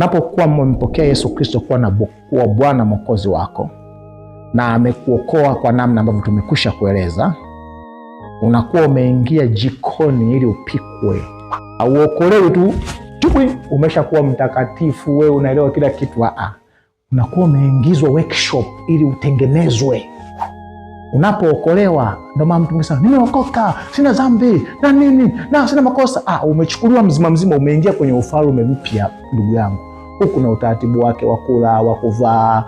Unapokuwa umempokea Yesu Kristo kuwa Bwana Mwokozi wako na amekuokoa kwa namna ambavyo tumekwisha kueleza, unakuwa umeingia jikoni ili upikwe. Auokolewi tu chui, umeshakuwa mtakatifu, wewe unaelewa kila kitu. Aa, unakuwa umeingizwa workshop ili utengenezwe unapookolewa ndo maana mtu anasema nimeokoka, sina dhambi na nini na sina makosa. Ah, umechukuliwa mzima mzima, umeingia kwenye ufalme mpya ndugu yangu. Huku na utaratibu wake wa kula, wa kuvaa,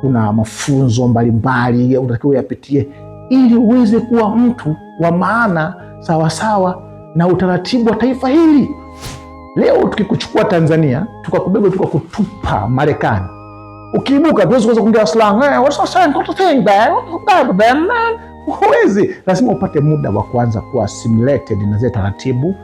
kuna mafunzo mbalimbali unatakiwa uyapitie ili uweze kuwa mtu wa maana sawasawa na utaratibu wa taifa hili. Leo tukikuchukua Tanzania tukakubeba tukakutupa Marekani Ukiibuka tuwezi kuweza kuongea slang, eh, what's so saying got to think there baba then man. Huwezi, lazima upate muda wa kwanza kuwa assimilated na zile taratibu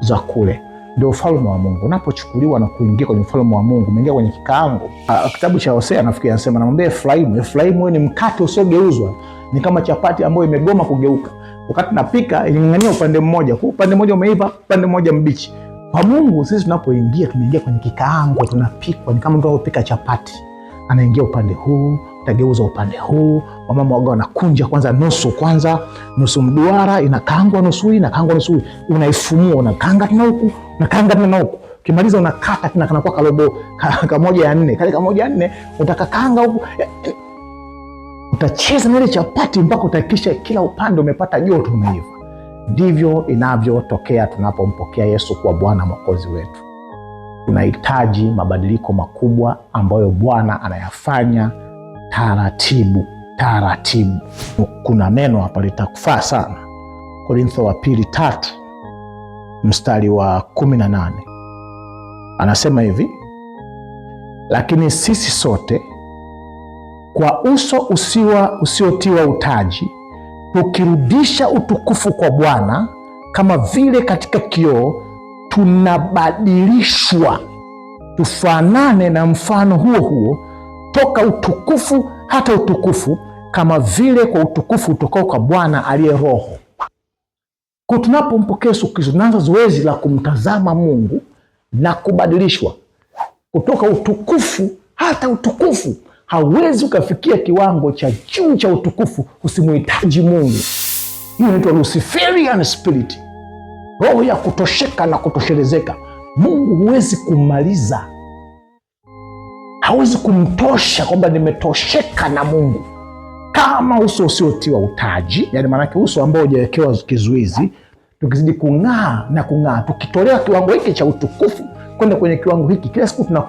za kule. Ndio ufalme wa Mungu unapochukuliwa na kuingia kwenye ufalme wa Mungu. Umeingia kwenye kikaango. Ah, kitabu cha Hosea nafikiri anasema, namwambia Efraimu, Efraimu wewe ni mkate usiogeuzwa, ni kama chapati ambayo imegoma kugeuka. Wakati napika iling'ang'ania upande mmoja, kwa upande mmoja umeiva, upande mmoja mbichi. Kwa Mungu sisi tunapoingia, tumeingia kwenye kikaango, tunapikwa ni kama mtu anapika chapati anaingia upande huu, tageuza upande huu. Wamama waga wanakunja kwanza nusu, kwanza nusu mduara inakangwa nusu hii, inakangwa nusu hii, unaifumua, unakanga tena huku, unakanga tena huku, kimaliza unakata tena, kanakuwa kalobo kamoja ya nne, kale kamoja ya nne utakakanga huku utacheza na ile chapati mpaka utahakikisha kila upande umepata joto, umeiva. Ndivyo inavyotokea tunapompokea Yesu kuwa Bwana Mwokozi wetu unahitaji mabadiliko makubwa ambayo Bwana anayafanya taratibu taratibu. Kuna neno hapa litakufaa sana, Korintho wa pili tatu mstari wa kumi na nane anasema hivi, lakini sisi sote kwa uso usiwa usiotiwa utaji tukirudisha utukufu kwa Bwana kama vile katika kioo tunabadilishwa tufanane na mfano huo huo toka utukufu hata utukufu, kama vile kwa utukufu utokao kwa Bwana aliye Roho. Kwa tunapompokea Yesu Kristo, tunaanza zoezi la kumtazama Mungu na kubadilishwa kutoka utukufu hata utukufu. Hauwezi ukafikia kiwango cha juu cha utukufu usimuhitaji Mungu. Hiyo inaitwa Luciferian spirit roho ya kutosheka na kutoshelezeka. Mungu huwezi kumaliza, hawezi kumtosha kwamba nimetosheka na Mungu kama uso usiotiwa utaji, yani maanake uso ambao hujawekewa kizuizi. Tukizidi kung'aa na kung'aa, tukitolewa kiwango hiki cha utukufu kwenda kwenye kiwango hiki, kila siku tuna